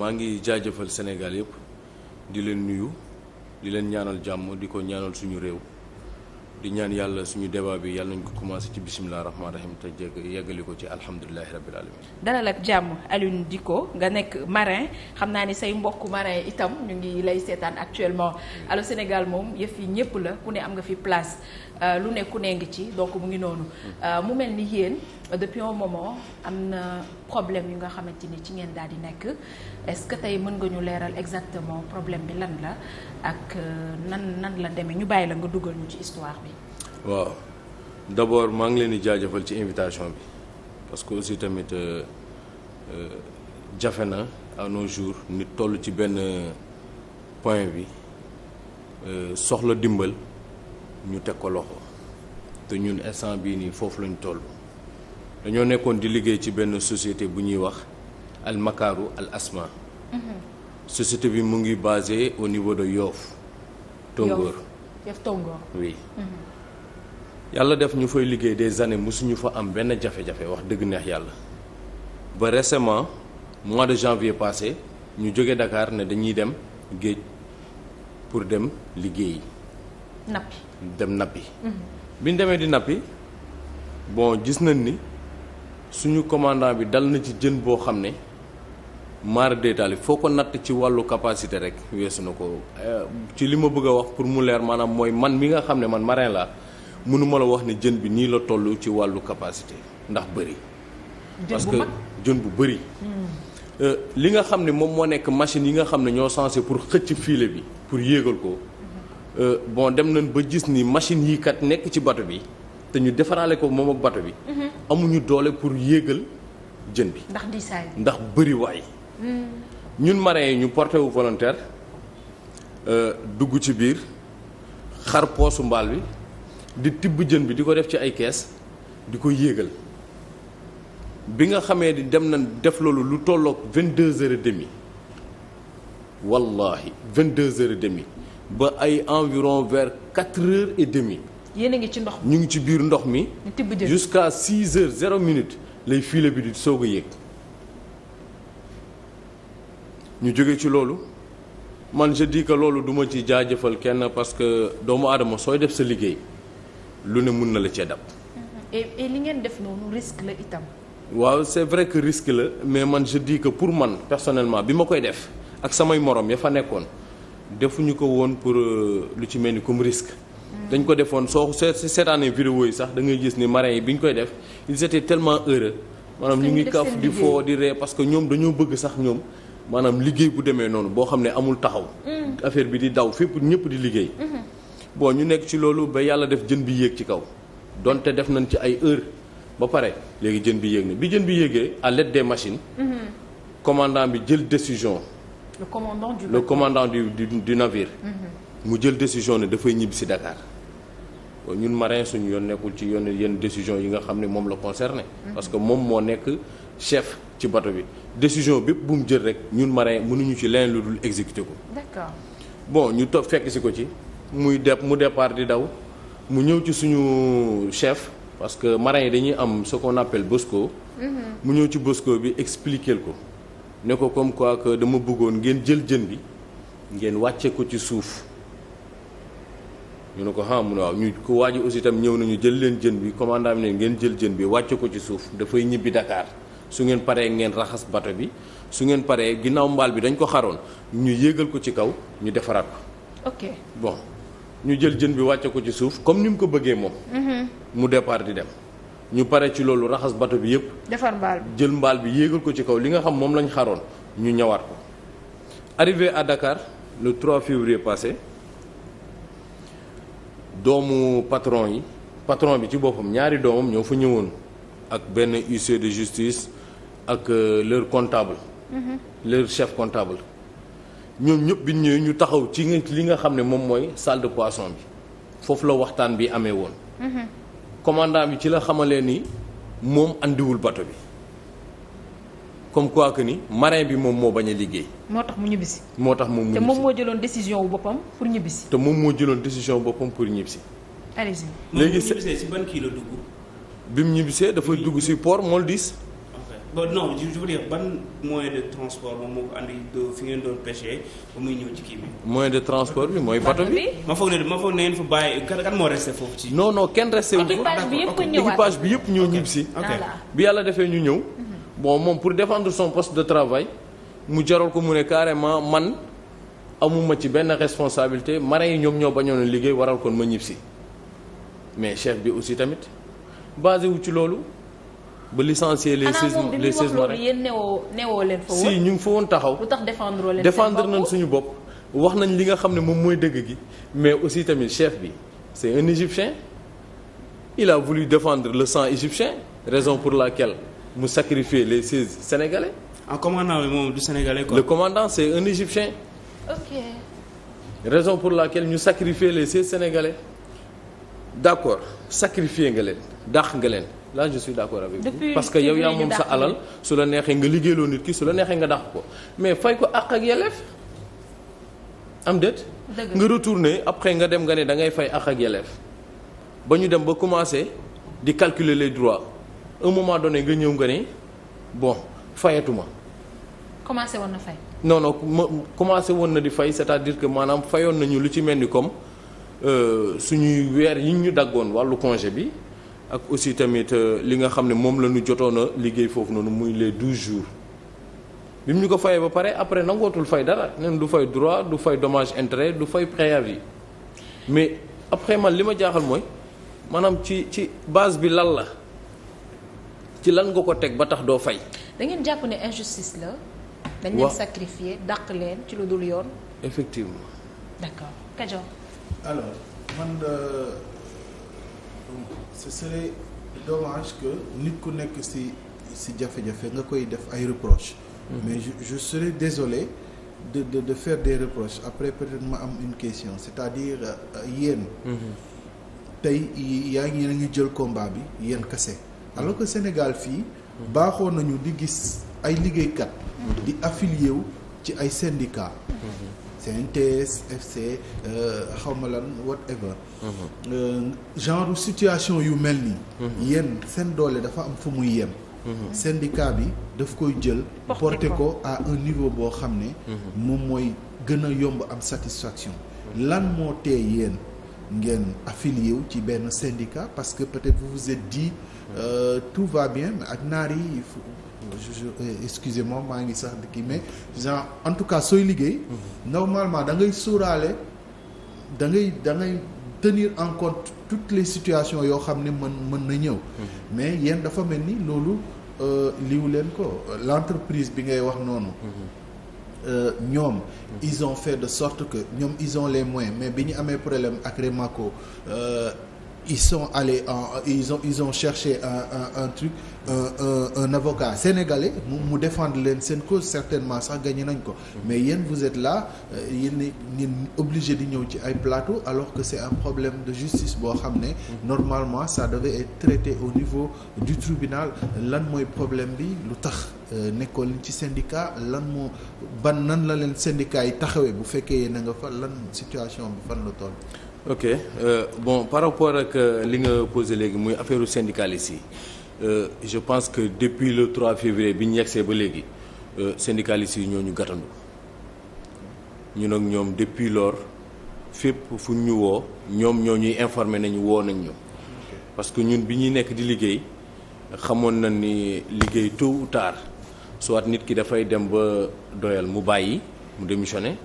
maa ngi jaajëfal Sénégal yëpp di leen nuyu di leen ñaanal jàmm di ko ñaanal suñu réew di ñaan yàlla suñu débat bi yàlla nañ ko commencé ci bisimilah rahmaani rahim te jégg yeggali ko ci alhamdulilahi rabil alamin dalal ak jàmm Alioune Dicko nga nekk marin xam naa ni say mbokk marin itam ñu ngi lay seetaan actuellement Allô Sénégal moom yëf yi ñëpp la ku ne am nga fi place euh, lu nekku ku ci donc mu ngi noonu mm. euh, mu mel ni yéen depuis un am na problème yu nga xamante ni ci ngeen daal di nekk est-ce que tey mën nga ñu leeral exactement problème bi lan la ak euh, nan nan la demee ñu bàyyi la nga dugal ñu ci histoire bi. waaw d'abord maa ngi leen di jaajëfal ci invitation bi parce que aussi tamit euh, euh, jafe na à nos jours nit toll ci benn point bi soxla dimbal ñu teg ko loxo te ñun instant bii nii foofu lañu toll. dañoo nekkoon di liggéey ci benn société bu ñuy wax al makaaru al asma mhm. société bi mu ngi basé au niveau de yoof Tongoor Yoff mhm. yàlla def ñu fay liggéey des années mosuñu fa am benn jafe-jafe wax dëgg neex yàlla ba récemment mois de janvier passé ñu jóge Dakar ne dañuy dem géej pour dem liggéeyi nappi dem nappi mhm. bi demee di nappi bon gis nañ ni suñu commandant bi dal na ci jën boo xam ne maar détaali foo ko natt ci wàllu capacité rek weesu na ko euh, ci li ma bëgg a wax pour mu leer maanaam mooy man mi nga xam ne man marin la mënuma la wax ne jën bi nii la toll ci wàllu capacité ndax bëri parce que jën bu bëri hmm. euh, li nga xam ne moom moo nekk machine yi nga xam ne ñoo censé pour xëcc filet bi pour yéegal ko hmm. euh, bon dem nañ ba gis ni machine yi kat nekk ci bato bi te ñu defaraale ko moom ak bato bi. Mhm. amuñu doole pour yéegal jën bi. ndax diisaay ndax bëri waay. Mhm. ñun marins yi ñu porté wu volontaire euh, dugg ci biir xar poosu mbaal bi di tibb jën bi di ko def ci ay kees di ko yéegal bi nga xamee di dem na def loolu lu tolloog vingt deux heures et demi wallahi vingt deux heures demi ba ay environ vers quatre heures et demi yéen a ngi ci ndox ñu ngi ci biir ndox mi. jusqu'à 6 heures 0 minute lay filet bi di soog a yéeg. ñu jóge ci loolu man je dis que loolu duma ma ci jaajëfal kenn parce que doomu aadama sooy def sa liggéey lu ne mun na la cee dab. li ngeen def noonu risque la itam. waaw c'est vrai que risque la mais man je dis que pour man personnellement bi ma koy def ak samay morom ya fa nekkoon defuñu ko woon pour euh, lu ci mel ni comme risque. dañ ko defoon soo seetaanee vidéo yi sax da ngay gis ni marins yi bi ñu koy def ils étaient tellement heureux maanaam ñu ngi kaf di foo di ree parce que ñoom dañoo bëgg sax ñoom maanaam liggéey bu demee noonu boo xam ne amul taxaw mm. affaire bi di daw fépp ñëpp di liggéey mm-hmm. boo ñu nekk ci loolu ba yàlla def jën bi yéeg ci kaw donte def nañ ci ay heure ba pare léegi jën bi yéeg na bi jën bi yéegee à l'aide des machines mm-hmm. commandant bi jël décision le commandant du, le commandant du, navire mm-hmm. mu jël décision ne dafay ñibbi si Dakar ñun marin suñu yoon nekkul ci yoon yenn décision yi nga xam ne moom la concerné mm-hmm. parce que moom moo nekk chef ci bato bi décision bépp bu mu jël rek ñun marin mënuñu ci leneen lu dul exécuter ko d'accord bon ñu toog fekk si ko ci muy dep mu départ di daw mu ñëw ci suñu chef parce que marin yi dañuy am ce qu'on appelle bosco mm-hmm. mu ñëw ci bosco bi expliquer ko ne ko comme quoi que dama bëggoon ngeen jël jën bi ngeen wàcce ko ci suuf ñu ne ko ah mu ne waaw ñu ko waaj aussi itam ñëw nañu jël leen jën bi commandant bi ne ngeen jël jën bi wàcc ko ci suuf dafay ñibbi dakaar su ngeen paree ngeen raxas bato bi su ngeen paree ginnaaw mbaal bi dañ ko xaroon ñu yéegal ko ci kaw ñu defaraat ko. bon ñu jël jën bi wàcce ko ci suuf comme ni mu ko bëggee moom. Mm-hmm. mu départ di dem. ñu pare ci loolu raxas bato bi yépp defar mbaal bi jël mbaal bi yéegal ko ci kaw li nga xam moom lañ xaroon ñu ñëwaat ko. arrivé à Dakar le 3 février passé. doomu patron yi patron bi ci boppam ñaari doomam ñoo fa ñëwoon ak benn huissier de justice ak euh, leur comptable mhm. leur chef comptable ñoom ñëpp bi ñëwee ñu taxaw ci li nga xam ne moom mooy salle de poisson bi foofu la waxtaan bi amee woon mhm. commandant bi ci la xamale ni moom indiwul bato bi comme quoi que ni marin bi moom moo bañ a liggéey. moo tax mu ñibbisi. moo tax moom mu ñibbisi te moom moo jëloon décision wu boppam pour ñibbisi. te moom moo jëloon décision wu boppam pour ñibbisi. allez-y. léegi si ban kii la dugg. bi mu ñibbisee dafa dugg si port Moldis. bon non je veux dire ban moyen de transport moom moo ko andi fi ngeen doon pêché ba muy ñëw ci kii bi. moyen de transport bi mooy bato bi. ma foog ne ma foog ne ngeen fa bàyyi kan kan moo resté foofu ci. non non kenn resté wu ko équipage bi yëpp ñëw ñibbisi. bi yàlla defee ñu ñëw. Mhm. bon moom pour défendre son poste de travail mu jaral ko mu ne carrément man amuma ci benn responsabilité marin yi ñoom ñoo bañoon a liggéey waral kon ma ñibbisi mais chef bi aussi tamit basé wu ci loolu ba licencier les seize les seize marins yéen newoo newoo leen fa ñu ngi fa taxaw lu tax défendre leen défendre nañ suñu bopp wax nañ li nga xam ne moom mooy dëgg gi mais aussi tamit chef bi c'est un égyptien il a voulu défendre le sang égyptien raison pour laquelle mu sacrifier les seize sénégalais. en commandant bi moom du sénégalais quoi. le commandant c' est un égyptien. ok. raison pour la laquelle ñu sacrifier les seize sénégalais. d' accord sacrifier nga leen dàq nga leen la je suis d' accord avec vous parce que yow yaa moom sa alal su la neexee nga liggéeyloo nit ki su la neexee nga dax ko mais fay ko àq ak yelleef am déet. nga retourner après nga dem nga ne dangay fay àq ak yelleef ba ñu dem ba commencer di calculer les droits. un moment donné nga ñëw nga ne bon fayatuma. commencé woon na fay. non non commencé woon na di fay c'est-à-dire que maanaam fayoon nañu lu ci mel ni comme euh, suñuy weer yi ñu daggoon wàllu congé bi ak aussi tamit euh, li nga xam ne moom la ñu jotoon liggéey foofu noonu muy les douze jours. bi mu ñu ko fayee ba pare après nangootul fay dara nen du fay droit du fay domage intérêt du fay yi mais après man li ma jaaxal mooy maanaam ci ci base bi lan la. ci lan nga ko teg ba tax doo fay. da ngeen jàpp ne injustice la. dañ leen sacrifier dàq leen ci lu dul yoon. effectivement. d'accord Kajoor. alors man de ce serait dommage que nit ku nekk ci ci jafe-jafe nga koy def ay reproches. Mm-hmm. mais je je serais désolé. de de de faire des reproches après peut-être ma am une question c'est-à-dire euh, yéen. Mm-hmm. tey yaa ngi yéen jël combat bi yéen kase alors que Sénégal fii baaxoo nañu di gis ay liggéeykat di affilié wu ci ay syndicat CNTS FC euh, xawma lan whatever euh, genre situation yu mel nii yéen seen doole dafa am fu muy yem syndicat bi daf koy jël porté ko à un niveau boo xam ne moom mooy gën a yomb am satisfaction lan moo tee yéen ngeen affilié wu ci benn syndicat parce que peut-être vous Euh, tout va bien ak naar yi eh, excusez-moi maa ngi sax di kii mais genre en tout cas sooy liggéey. normalement da ngay sóoraale da da ngay tenir en compte toutes les situations yoo xam ne mën mën na ñëw. Mhm. mais yéen dafa mel ni loolu euh, liwu leen ko l'entreprise bi ngay wax noonu. Mhm. Euh, ñoom ils ont fait de sorte que ñoom ils ont les moyens mais bi ñu amee problème ak Remaco. Euh, ils sont allés en ils ont cherché un un un truc un un, un avocat sénégalais mu mu défendre leen seen cause certainement sax gagné nañ ko. mais yéen vous êtes là euh, yéen ñi obligé di ñëw ci ay plateau alors que c'est un problème de justice boo xam ne. normalement ça devait être traité au niveau du tribunal lan mooy problème bi lu tax euh, nekkoon leen ci syndicat lan mu ban nan la leen syndicat yi taxawee bu fekkee na nga fa lan situation bi fan la toll. ok euh, bon par rapport ak euh, li nga posé léegi muy affaire syndicalistes yi euh, je pense que depuis le trois février bi ñu yegsee ba léegi euh, syndicalistes yi ñoo ñu gàttandu ñun ak ñoom depuis lors fépp fu ñu woo ñoom ñoo ñuy informé nañu woo nañ parce que ñun bi ñuy nekk di liggéey xamoon na ni liggéey tôt ou tard soit nit ki dafay dem ba doyal mu bàyyi mu démissionné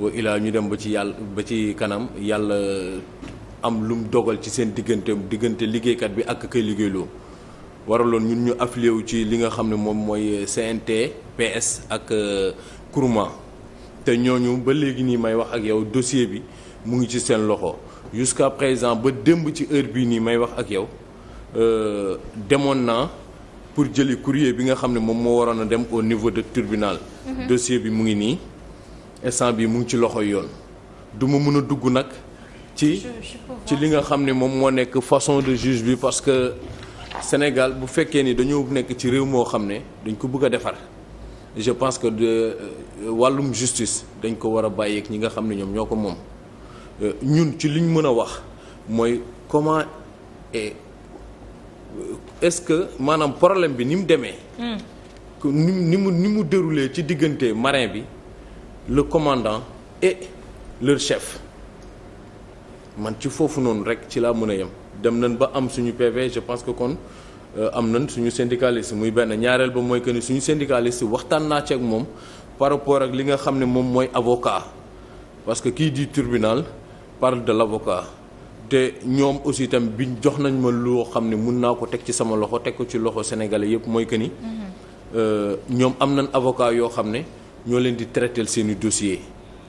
wa ilaa ñu dem ba ci yàlla ba ci kanam yàlla am lum dogal ci seen diggante diggante liggéeykat bi ak kay liggéeyloo waraloon ñun ñu affilié wu ci li nga xam ne moom mooy CNT PS ak euh, Kurma te ñoo ñu ba léegi nii may wax ak yow dossier bi mu ngi ci seen loxo jusqu'à présent ba démb ci heure bii nii may wax ak yow euh, demoon naa pour jëli courrier bi nga xam ne moom moo waroon a dem au niveau de tribunal. Mm-hmm. dossier bi mu ngi nii. instant bi mu ngi ci loxo yoon du ma mën a dugg nag ci ci li nga xam ne moom moo nekk façon de juge bi parce que Sénégal bu fekkee ni dañoo nekk ci réew moo xam ne dañ ko bugg a defar je pense que de euh, wàllum justice dañ ko war a bàyyeeg ñi nga xam ne ñoom ñoo ko moom euh, ñun ci liñ mën a wax mooy comment et euh, est-ce que maanaam problème bi ni mu demee. Hmm. ni mu ni mu déroulé ci diggante marin bi. le commandant et leur chef man ci foofu noonu rek ci laa mën a yem dem nañ ba am suñu PV je pense que kon euh, am nan suñu syndicaliste muy benn ñaareel ba mooy que ni suñu syndicaliste waxtaan naa ci moom par rapport ak li nga xam ne moom mooy avocat parce que kii di tribunal parle de l'avocat te ñoom aussi itam biñ jox nañ ma loo xam ne mun naa ko teg ci sama loxo teg ko ci loxo sénégalais yëpp mooy que ni mm-hmm. euh, ñoom am nañ avocat yoo xam ne ñoo leen di traiter seeni dossier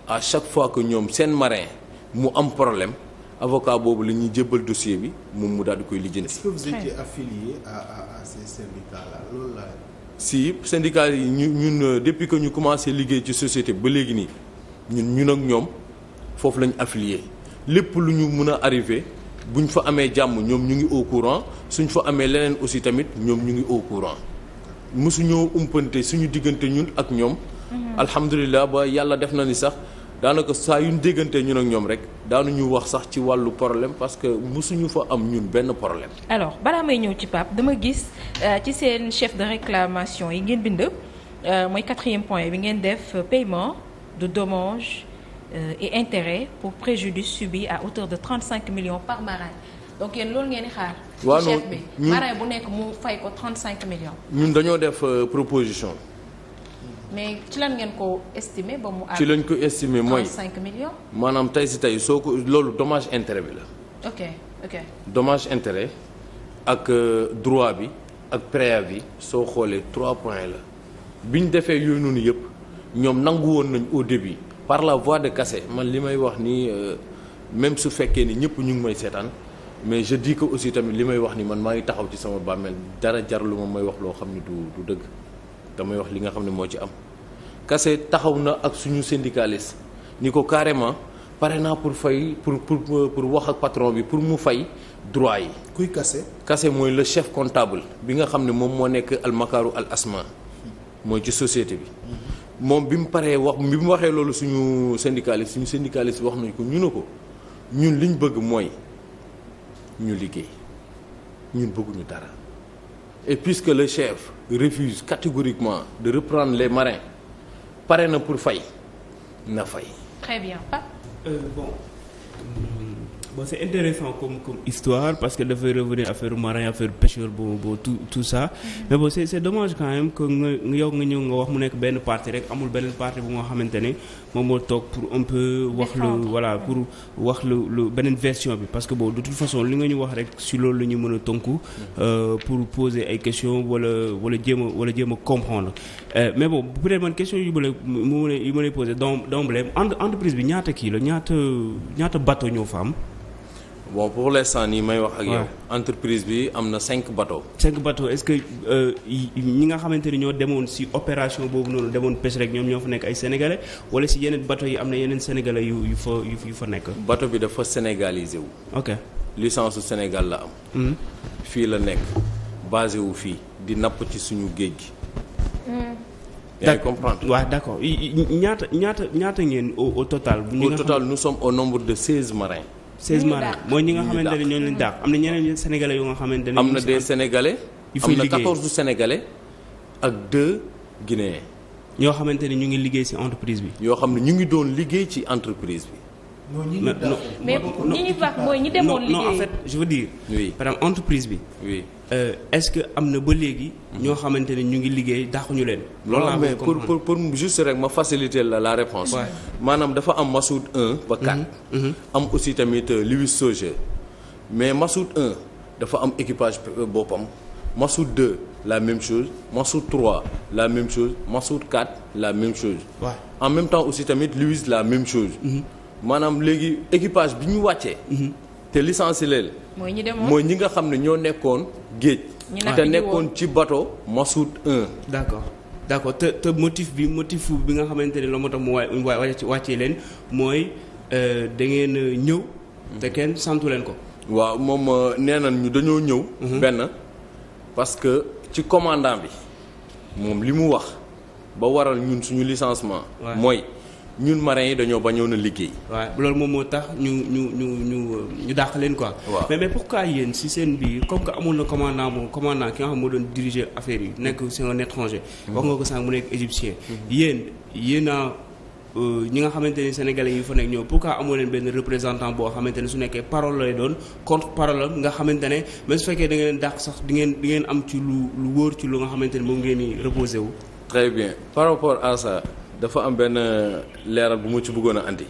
a chaque fois que ñoom seen marin mu am problème avocat boobu la ñuy jébbal dossier bi moom mu daal di koy lijjanti. est-ce que vous si syndicat yi ñu ñun euh, depuis que ñu commencé liggéey ci société ba léegi nii ñun ñun ak ñoom foofu lañu affilié lépp lu ñu mën a arrivé buñ fa amee jàmm ñoom ñu ngi au courant suñ fa amee leneen aussi tamit ñoom ñu ngi au courant mosuñoo umpante suñu diggante ñun ak ñoom Mhm. alhamdulilah ba yàlla def na ni sax daanaka saa yu déggante ñun ak ñoom rek ñu wax sax ci wàllu problème parce que mosuñu fa am ñun benn problème. alors balaa may ñëw ci Pape dama gis euh, ci seen chef de réclamation yi ngeen bind euh, mooy quatrième point bi ngeen def euh, paiement de dommages et intérêts pour préjudice subi à hauteur de cinq millions par marin donc yéen loolu ngeen di xaar. chef bi marin bu nekk mu fay ko 35 millions. ñun dañoo def proposition. mais ci lan ngeen ko estimer ba mu. ci lañ ko estimer mooy 35 millions. maanaam tey si tey soo ko loolu dommage intérêt bi la. ok ok. dommage intérêt ak euh, droit bi ak bi soo xoolee trois point la bi ñu defee yooyu noonu yëpp ñoom nangu woon nañ au début par la voie de kase man li may wax nii euh, même su fekkee ni ñëpp ñu ngi may seetaan. mais je dis que aussi tamit li may wax ni man maa ngi taxaw ci sama bàmmeel dara jar lu ma may wax loo xam ni du du dëgg damay wax li nga xam ne moo ci am kase taxaw na ak suñu syndicaliste ni ko carrément pare naa pour fay pour pour pour wax ak patron bi pour mu fay droit yi. kuy kase kase mooy la chef comptable bi nga xam ne moom moo nekk almakaru al asma mooy ci société bi. moom bi mu paree wax bi mu waxee loolu suñu syndicaliste suñu syndicaliste wax nañ ko ñu ne ko ñun liñ bëgg mooy ñu liggéey ñun bëgguñu dara. et puisque le chef refuse catégoriquement de reprendre les marins pare na pour fay na fay. très bon c'est intéressant comme comme histoire parce que dafay revenir affaire marin affaire pêcheur bon bon tout tout ça. Mm -hmm. mais bon c'est c'est dommage quand même que nga yow nga ñëw nga wax mu nekk benn parti rek amul beneen parti bu nga xamante ne moom moo toog pour un peu wax lu voilà pour wax lu lu beneen version bi parce que boo de toute façon li nga ñu wax rek si loolu la ñu mën a tonk mm-hmm. euh, pour poser ay questions wala wala jéem a wala jéem a comprendre euh, mais bon peut-être man question yu ma lay yu ma lay poser d'emblée entreprise bi ñaata kii la ñaata ñaata bateau ñoo fa bon pour l'instant nii may wax ak yow. entreprise bi am na cinq bateaux. cinq bateaux est-ce que euh, ñi nga xamante ni ñoo demoon si opération boobu noonu demoon pêche rek ñoom ñoo fa nekk ay sénégalais walla si yeneen bateaux yi am na yeneen sénégalais yu yu fa yu fa nekk. bateau bi dafa sénégalisé wu. ok licence su Sénégal la am. Hmm. fii la nekk basé wu fii di napp ci suñu géej gi. Hmm. yaa ngi comprendre d' accord ñaata ñaata ñaata ngeen au total. au total nous sommes au nombre de seize marins. seize maanaam mooy ñi nga xamante ne ñooñu leen dàq am na ñeneen sénégalais yu nga xamante ne. am na des sénégalais. yu fay liggéey am na quatorze sénégalais ak deux ñoo xamante ne ñu ngi liggéey ci entreprise bi. yoo xam ne ñu ngi doon liggéey ci entreprise bi. non ñi ñu dàq mais ñi ñu dàq mooy ñi demoon liggéey je veux dire. oui entreprise bi. Euh, est-ce que am na ba léegi. ñoo xamante ne ñu ngi liggéey dàquñu leen. loolu laa mais pour pour pour juste rek ma faciliter la la réponse maanaam dafa am Massoud 1 ba 4. Mhm, mhm. am aussi tamit euh, Louis Sogé mais Massoud 1 dafa am équipage euh, boppam Massoud 2 la même chose Massoud 3 la même chose Massoud quatre la même chose. waa en même temps aussi tamit Louis la même chose. Mhm. maanaam léegi équipage bi ñu wàccee. te licencié leen. mooy ñi demoon mooy ñi nga xam ne ñoo nekkoon géej. te nekkoon ci bateau Masoud 1. d'accord d'accord te te motif bi motif bi nga xamante ne la moo tax mu wa wàccee leen mooy euh, da ngeen ñëw. te kenn santu leen ko. waaw moom euh, nee nañ ñu dañoo ñëw. Mhm. benn parce que ci commandant bi moom li mu wax ba waral ñun suñu licenciement. mooy. ñun marins yi dañoo bañoon a liggéey. waaw loolu moom moo tax ñu ñu ñu ñu ñu dàq leen quoi. waaw mais mais pourquoi yéen si seen biir comme que amoon na commandant moom commandant ki nga xam moo doon diriger affaire yi nekk c'est un étranger. Mhm. wax nga ko sànq mu mhm. yéen yéen a euh, ñi nga xamante ni sénégalais yi fa nekk ñëw pourquoi amoo leen benn représentant boo xamante ne su nekkee parole lay doon contre parole nga xamante ne même su fekkee da ngeen dàq sax di ngeen di am ci lu lu wóor ci lu nga xamante ne moom ngeen di wu. très bien par rapport à ça. dafa am benn leeral bu mu ci bëggoon a andi.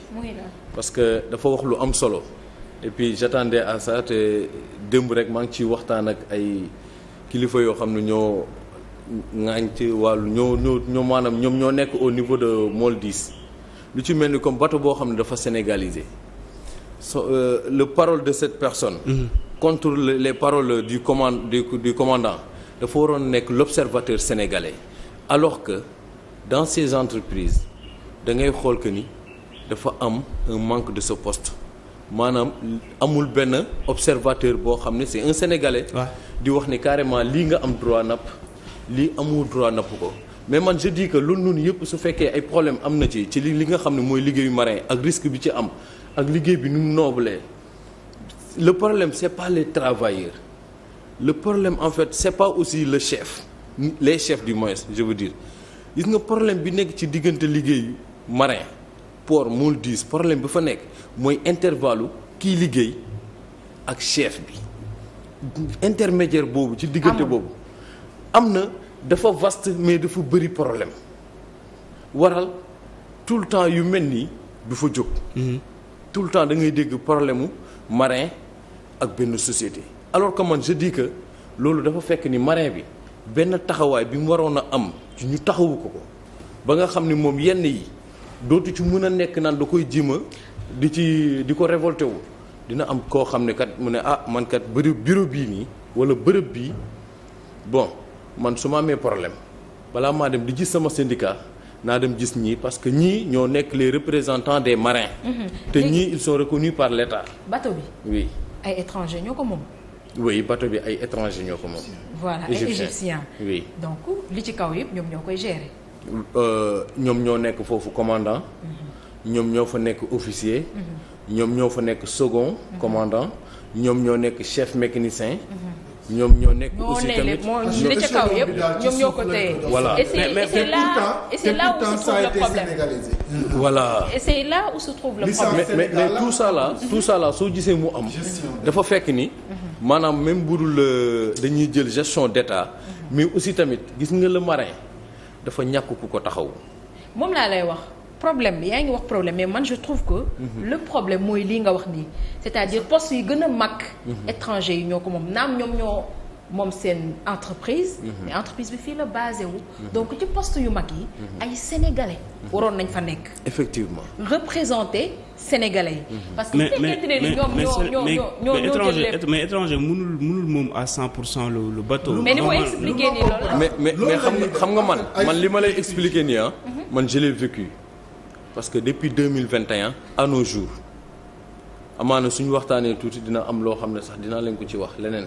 parce que dafa wax lu am solo. et puis j'attendais à ça te démb rek maa ngi ciy waxtaan ak ay kilifa yoo xam ne ñoo ŋaañ ci wàllu ñoo ñoo ñoo maanaam ñoom ñoo nekk au niveau de Moldis lu ci mel ni comme bateau boo xam ne dafa sénégalisé so euh, le parole de cette personne. Mm-hmm. contre les paroles du commande du commandant dafa waroon nekk l'observateur sénégalais alors que. dans ces entreprises da ngay xool que ni dafa am un manque de ce poste maanaam amul benn observateur boo xam ne c'est un sénégalais. di wax ne carrément li nga am droit napp lii amul droit napp ko. mais man je dis que loolu noonu yëpp su fekkee ay problème am na ci ci li li nga xam ne mooy liggéeyu marin ak risque bi ci am ak liggéey bi nu mu noobalee le problème c'est pas les travailleurs le problème en fait c'est pas aussi le chef les chefs du moins je veux dire. gis nga problème bi nekk ci diggante liggéeyu marin pour mool diis problème ba fa nekk mooy intervalle kii liggéey ak chef bi intermédiaire boobu ci diggante boobu am na dafa vaste mais dafa bëri problème waral tout le temps yu mel nii du fa jóg mhm. tout le temps da ngay dégg problème mu marin ak benn société alors que man je dis que loolu dafa fekk ni marin bi benn taxawaay bi mu waroon a am ci ñu taxawu ko ko ba nga xam ne moom yenn yi dootu ci mën a nekk naan du koy jima di ci di ko révolté wu dina am koo xam ne kat mu ne ah man kat bërëb bureau bii nii wala bërëb bii bon man su ma amee problème balaa maa dem di gis sama syndicat naa dem gis ñii parce que ñii ñoo nekk les représentant des marins. Mm-hmm. te ñii ils sont reconnus par l' état. bi oui ay étrangers ñoo ko moom. oui bateau bi ay étranger ñoo ko moom. voilà ay donc li ci kaw yëpp ñoom ñoo koy gérer. Euh, ñoom ñoo nekk foofu commandant. Mhm. ñoom ñoo fa nekk officier. Mhm. ñoom ñoo fa nekk second mhm. commandant. ñoom ñoo nekk chef mécanicien. ñoom ñoo nekk aussi tamit moo li ca kaw yëpp ñoom ñoo ko téye. voilà et là et se trouve le problème. voilà et là où se trouve le problème. mais mais tout ça là soo gisee mu am. dafa fekk ni. maanaam même budul euh, dañuy jël gestion d'État mhm. mais aussi tamit gis nga le marin dafa ñàkk ku ko taxaw moom laa lay wax problème bi yaa ngi wax problème mais man je trouve que mhm. le problème mooy lii nga wax nii c'est-à-dire postes yi gën a mag mhm. étranger yi ñoo ko moom naam ñoom ñoo moom seen entreprise. Mhm. mais entreprise bi fii la basé wu. Mhm. donc ci poste yu mag yi. Mhm. ay sénégalais. waroon nañ fa nekk. effectivement représenter sénégalais yi. parce que fekkente ne ni ñoom ñoo mais à 100 pour cent le le bateau. mais mais xam nga xam nga man man li ma lay expliqué nii ah. man je l'ai parce que depuis mille 2021 à nos jours amaana suñu waxtaanee tuuti dina am loo xam ne sax dinaa leen ko ci wax leneen.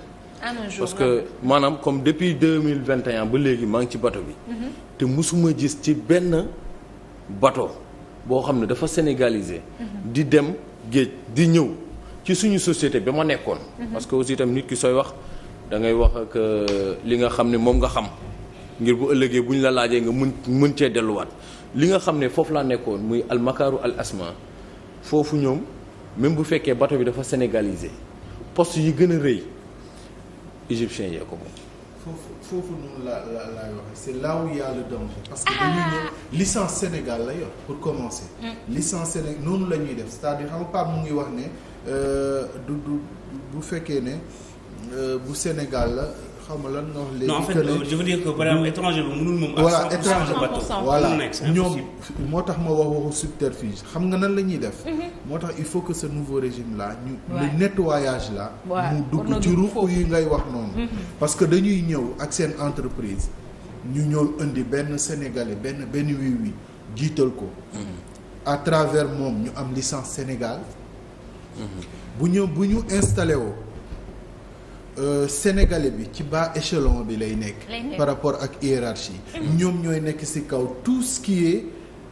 parce que maanaam comme depuis deux mille vingt et ba léegi maa ngi ci bato bi. Mhm. te mosuma gis ci benn bato boo xam ne dafa sénégalisé. Mhm. di dem géej di ñëw ci suñu société bi ma nekkoon. Mhm. parce que aussi itam nit ki sooy wax dangay wax ak euh, li nga xam ne moom nga xam ngir bu ëllëgee bu ñu la laajee nga mën mën cee delluwaat li nga xam ne foofu laa nekkoon muy almakaaru al asma foofu ñoom même bu fekkee bato bi dafa sénégalisé post yi gën a rëy. égyptiens yee ko moom. foofu foofu noonu la la laay waxee c'est là danger parce que ah. dañuy ne licence Sénégal la yor pour commencer. Mm. licence Sénégal noonu la ñuy def c'est-à-dire xam mu ngi wax ne euh, du du bu fekkee ne euh, bu Sénégal la. xaw ma lan nga wax léegi. non en fait euh, je veux dire que par exemple étranger bi mënul moom. à ñoom moo tax ma wax waxu subterfuge xam nga nan la ñuy def. Mhm. moo tax il faut que ce nouveau régime là ñu. le nettoyage là. mu dugg ci ruux yi ngay wax noonu. Mhm. parce que dañuy ñëw ak seen entreprise ñu ñëw indi benn sénégalais benn benn wii wii jiital ko. Mhm. à travers moom ñu am licence Sénégal. bu ñëw bu ñu installé woo. Euh, sénégalais bi ci bas échelon bi lay nekk par rapport ak hiérarchie ñoom ñooy nekk si kaw tous ce qui est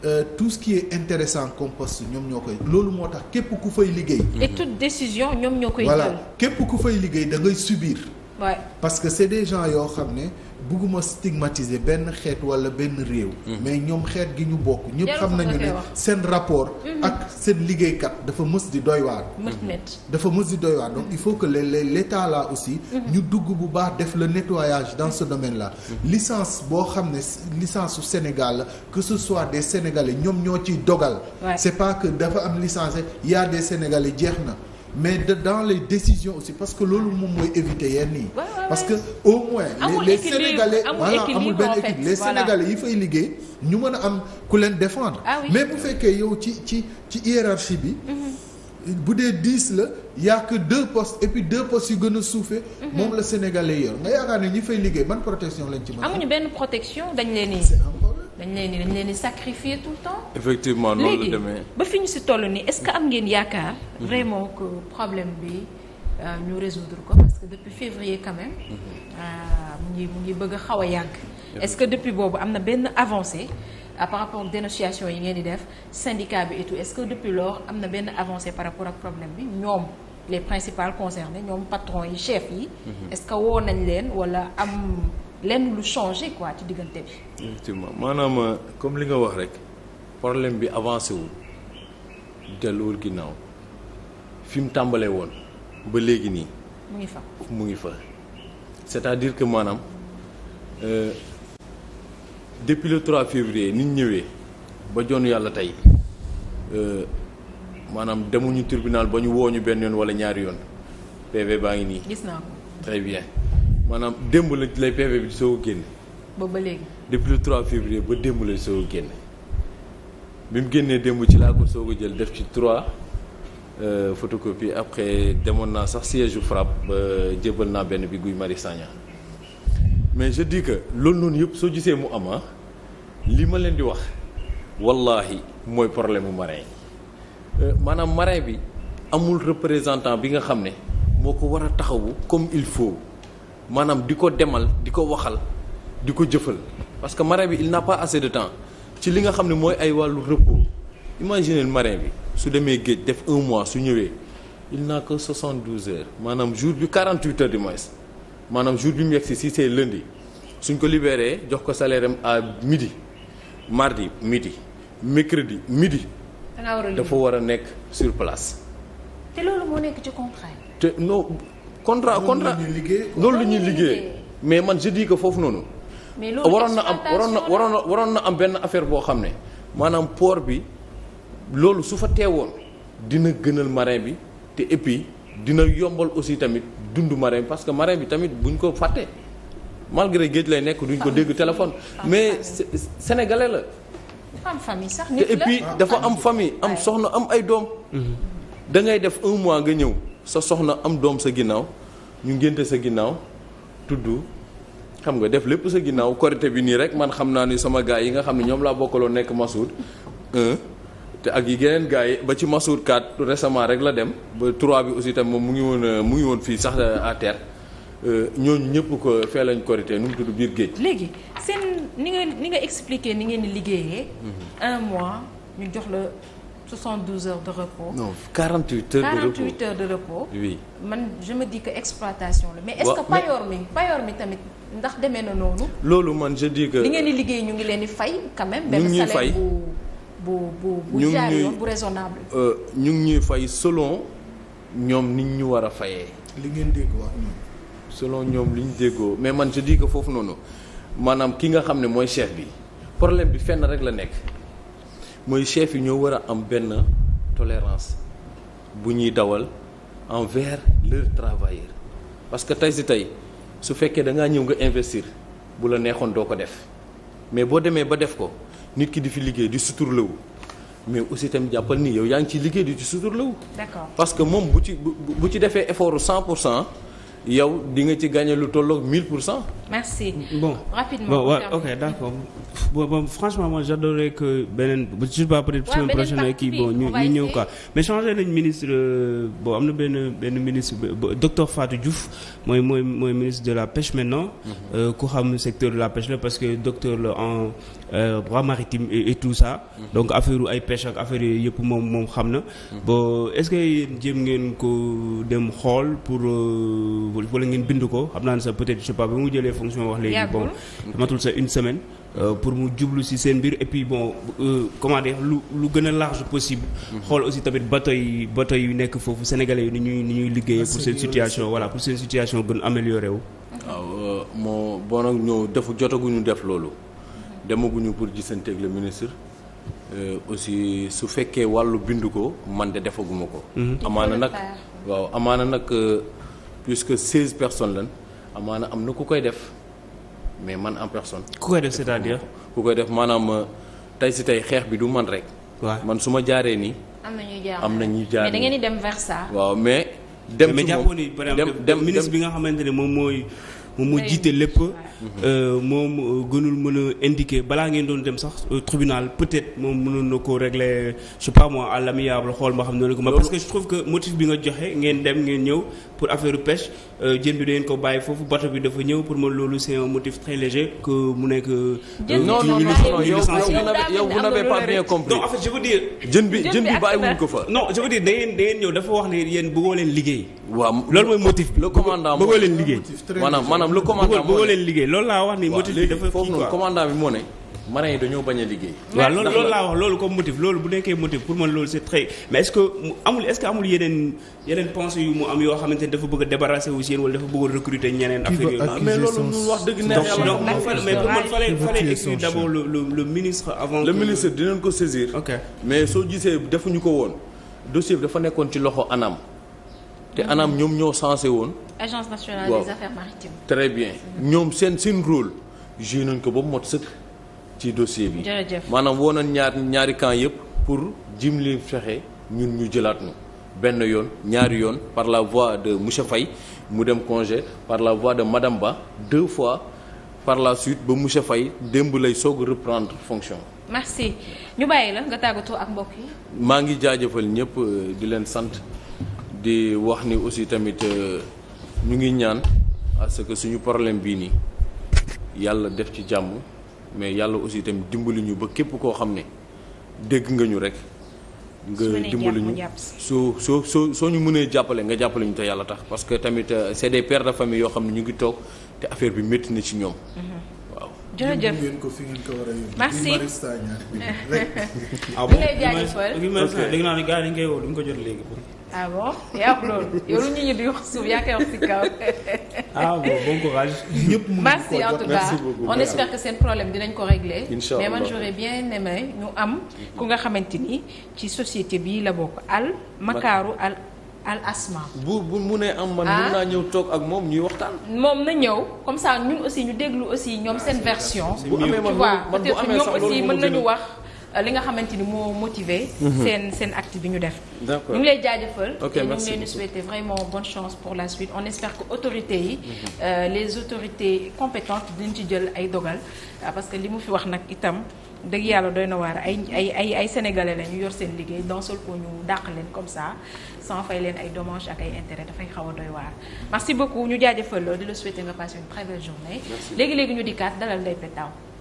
Euh, tout ce qui est intéressant comme ñoom ñoo koy loolu moo tax képp ku fay liggéey. et toute décision ñoom ñoo koy jël. voilà képp ku fay liggéey da ngay subir. Ouais. parce que c'est des gens yoo xam ne bëgguma stigmatiser benn xeet wala benn réew. Mhm. mais ñoom xeet gi ñu bokk. ñëpp xam nañu ne seen rapport. Mhm. ak seen liggéeykat dafa mës di doy mhm. dafa mës di doy waar donc il faut que les l'état là aussi. ñu dugg bu baax def le nettoyage dans ce domaine là. licence boo xam ne licence su Sénégal la que ce soit de sénégalais ñoom ñoo ciy dogal. c'est pas que dafa am licence y a des jeex na. mais de dans les décisions aussi parce que loolu moom mooy éviter yenn yi. parce que au moins. les sénégalais voilà amul benn équipe les yi fay liggéey ñu mën a am ku leen défendre. Ah mais bu fekkee yow ci ci ci hiérarchie bi. Mhm. bu dee dix la y a que deux postes et puis deux postes yu gën a suufee. Mhm. moom la sénégalais yor nga yaakaar ne ñi fay liggéey ban protection lañ ci mën amuñu benn protection dañ leen dañ leen ni dañ leen di sacrifier tout le temps. effectivement noonu la demee ba fi ñu si toll nii est-ce que am ngeen yaakaar. vraiment que problème bi euh, ñu résoudre ko parce que depuis février quand même. Mhm. Euh, mu ngi mu ngi bëgg xaw a yàgg. est-ce que depuis boobu am na benn avancée euh, par rapport dénonciation yi ngeen di def syndicat bi et tout que depuis lors am na benn avancée par rapport ak problème bi ñoom. les principales concernées ñoom patron yi chef yi. Mhm. est-ce que woo nañ leen walla am. lenn lu changé quoi ci diggante bi. effectivement maanaam comme li nga wax rek problème bi avancé wul delluwul ginaaw fi mu tàmbalee woon ba léegi nii. mu ngi fa mu ngi c'est-à-dire que maanaam euh, depuis le 3 février ni ñëwee ba joon yàlla tey euh, maanaam demuñu tribunal ba ñu wooñu benn yoon wala ñaari yoon PV baa ngi nii. gis naa ko maanaam démb la lay PV bi di soog a génn boobu ba léegi. depuis trois 3 ba démb lay soog a génne bi mu génnee démb ci laa ko soog a jël def ci 3 euh, photocopie après demoon naa sax siège u frappe ba jébal naa benn bi Guy Marius Sagna mais je dis que loolu noonu yëpp soo gisee mu ama ah, li ma leen di wax wallaahi mooy problème mu marin euh, maanaam marin bi amul représentant bi nga xam ne moo ko war a taxawu comme il faut. maanaam di ko demal di ko waxal di ko jëfal parce que marin bi il n'a pas assez de temps ci li nga xam ne mooy ay wàllu repos imaginez marin bi su demee géej def un mois su ñëwee il n'a que 72 heures maanaam jour bi 48 heures du moins maanaam jour bi mu yegg si si c'est suñ ko libéré jox ko salaire am à midi mardi midi mercredi midi. dafa war a nekk sur place. te loolu moo nekk ci contrat te non contrat contrat loolu la ñuy liggéey mais man je ko foofu noonu. mais waroon na am waroon na waroon na waroon na am benn affaire boo xam ne maanaam poor bi loolu su fa teewoon dina gënal marin bi te et puis dina yombal aussi tamit dund marin bi parce que marin bi tamit bu buñ ko fàtte malgré géej lay nekk duñ ko dégg téléphone mais sénégalais la. Ah, am famille sax dafa am famille am soxna am ay doom. Mhm. da ngay def un mois nga ñëw. sa soxna am doom sa ginnaaw ñu ngénte sa ginnaaw tudd xam nga def lépp sa ginnaaw korité bi nii rek man xam naa ni sama gars yi nga xam ne ñoom laa bokkaloo nekk Massoud te ak yi geneen gars yi ba ci Massoud 4 récemment rek la dem ba 3 bi aussi tam moom mu ngi woon euh, mu ngi woon fii sax euh, à terre euh, ñooñu ñëpp ko fee lañ korité nu mu tudd biir géej. léegi seen ni nga ni nga expliqué ni ngeen di liggéeyee. Mhm. un ñu jox la. 72 heures de repos. non 48 heures de repos 48 heures de repos. oui man je me dis que exploitation la. mais est payoor mi payoor mi tamit ndax demee na noonu. loolu man je dis que. li ngeen di liggéey ñu ngi leen di fay. quand même benn salaire bu bu bu bu jaar yoon bu raisonnable. Euh, ñu ngi ñuy fay selon ñoom nit ñu war a fayee. li ngeen dégg wax selon ñoom li ñu déggoo mais man je dis que foofu noonu maanaam ki nga xam ne mooy chef bi problème bi fenn rek la nekk. mooy chef yi ñoo war a am benn tolérance bu ñuy dawal envers leur travailleur parce que tey si tey su fekkee dangaa ñëw nga investir bu la neexoon doo ko def mais boo demee ba def ko nit ki di fi liggéey di suturlawu mais aussi tamit jàppal ni yow yaa ngi ciy liggéey di ci suturlawu. d'accord parce que moom bu ci bu ci defee effort 100 pour cent yow di nga ci gagné lu tolloog 1000 pour cent. merci bon rapidement. bon ouais, franchement moi pas peut-être semaine kii bon ñu ñu ñëw quoi mais changé nañ ministre euh, am na benn benn ministre docteur Fatou Diouf mooy mooy ministre de la pêche maintenant. Mm-hmm. Euh, ku xam secteur de la pêche la parce que docteur la en euh, droit maritime et tout ça. Mm-hmm. donc affaire ay pêche ak affaire yooyu yëpp moom moom xam na. Mm-hmm. bon est-ce que jéem ngeen ko dem xool pour. wala ngeen bind ko xam naa ne sax peut-être je mu jëlee fonction wax léegi bon matul sax une semaine euh, pour mu jublu ci seen mbir et puis bon euh, comment dire lu lu gën a large possible mm-hmm. xool aussi tamit ba bateau ba bateau yu nekk foofu sénégalais yi ni ñuy ni ñuy liggéeyee pour ah, seen situation voilà pour seen situation gën amélioré wu waaw ah, euh, moo bon nag ñëw defu jotaguñu def loolu mm-hmm. demaguñu pour gisante ak le ministre aussi su fekkee wàllu bind ko man de defaguma ko mm-hmm. amaana puisque seize personne lan amaana am na ku koy def mais man en personne. ku koy def cest à ku koy def maanaam euh, tey si tey xeex bi du man rek. waaw man su ma jaaree nii. am na ñuy jaar am ñuy jaar mais da ngeen di dem vers ça. waaw mais. dem ci moom dem dem ministre bi nga xamante ne moom mooy. moom moo jiite lépp euh, moom euh, gënul mën a indiquer balaa ngeen doon dem sax euh, tribunal peut-être moom mënoon na ko régler je sais pas moi à l'amiable xool ma xam ne ko ma parce que je trouve que motif bi nga joxe ngeen dem ngeen ñëw pour affaire pêche jën bi dangeen ko bàyyi foofu bateau bi dafa ñëw pour man loolu c'est un motif très léger que mu nekk non jën bi jën bi bàyyiwuñ ko fa non je veux dire da ngeen da ngeen ñëw dafa wax ne yéen bëggoo leen liggéey waaw loolu mooy motif bi bëggoo leen liggéey maanaam lu commandant moo leen liggéey loolu laa wax ni motif bi dafa foofu noonu a liggéey waaw loolu laa wax loolu comme motif loolu bu nekkee motif pour man loolu c'est très mais est amul est amul yeneen yeneen yu mu am yoo xamante ne dafa bëgg a débarrasser wu dafa bëgg a recruter ñeneen affaire yooyu mais loolu lu wax dëgg neex yàlla donc mais pour man fallait fallait écrire d'abord le le ministre avant le ministre dinañ ko saisir ok mais soo gisee defuñu ko woon dossier bi dafa nekkoon ci loxo anam te ANAM ñoom ñoo censé woon. agence nationale des affaires maritimes. très bien ñoom seen seen role joué nañ ko ba mot sëkk ci dossier bi. maanaam woo nañ ñaar ñaari camp yëpp pour jim fexe ñun ñu jëlaat ñu benn yoon ñaari yoon par la voix de monsieur Faye mu dem congé par la voix de madam Ba deux fois par la suite ba monsieur Faye démb lay soog reprendre fonction. merci ñu bàyyi la nga tàggatoo ak mbokk yi. maa ngi jaajëfal ñëpp euh, di leen sant. di wax ni aussi tamit euh, ñu ngi ñaan à que suñu problème bii nii yàlla def ci jàmm mais yàlla aussi tamit dimbali ñu ba képp koo xam ne dégg nga ñu rek. nga dimbali ñu soo soo soo soo ñu mënee jàppale nga jàppale ñu te yàlla tax parce que tamit euh, c'est des pères de famille yoo xam ne ñu ngi toog te affaire bi métti na ci ñoom. Mm-hmm. jërëjëf ngeen ko fi ngeen ko war a yóbbu. merci bi Maristaa ñaar ah bon yaa am loolu yow ñu ñu di wax suuf yaa koy wax si kaw. ah bon bon courage. ñëpp mënuñu ko merci en tout cas on espère que seen problème dinañ ko régler. mais man j'aurais bien aimé ñu am. ku nga xamante ni ci société bi la bokk al. makaaru al al asma. bu bu mu nee am man. Ah. mën naa ñëw toog ak moom ñuy waxtaan. moom na ñëw comme ça ñun ñu déglu aussi ñoom seen ah, version. bu amee man bu amee sax loolu mën nañu wax. li nga xamante ni moo motivé. Mhm. seen seen acte bi ñu def. d'accord ñu ngi lay jaajëfal. ok merci beaucoup te ñu ngi leen di souhaiter vraiment bonne chance pour la suite on mhm. euh, les autorités compétentes dinañ ci jël ay dogal ah, parce que li mu fi wax nag itam. dëgg yàlla doy na waar ay ay ay ay sénégalais la ñu yor seen liggéey d'un seul coup ñu dàq leen comme ça sans fay leen ay dommages ak ay intérêts dafay xaw a doy waar. merci beaucoup ñu jaajëfal di la souhaiter nga passer une très journée. léegi léegi ñu dikkaat dalal Ndeye Pétaw.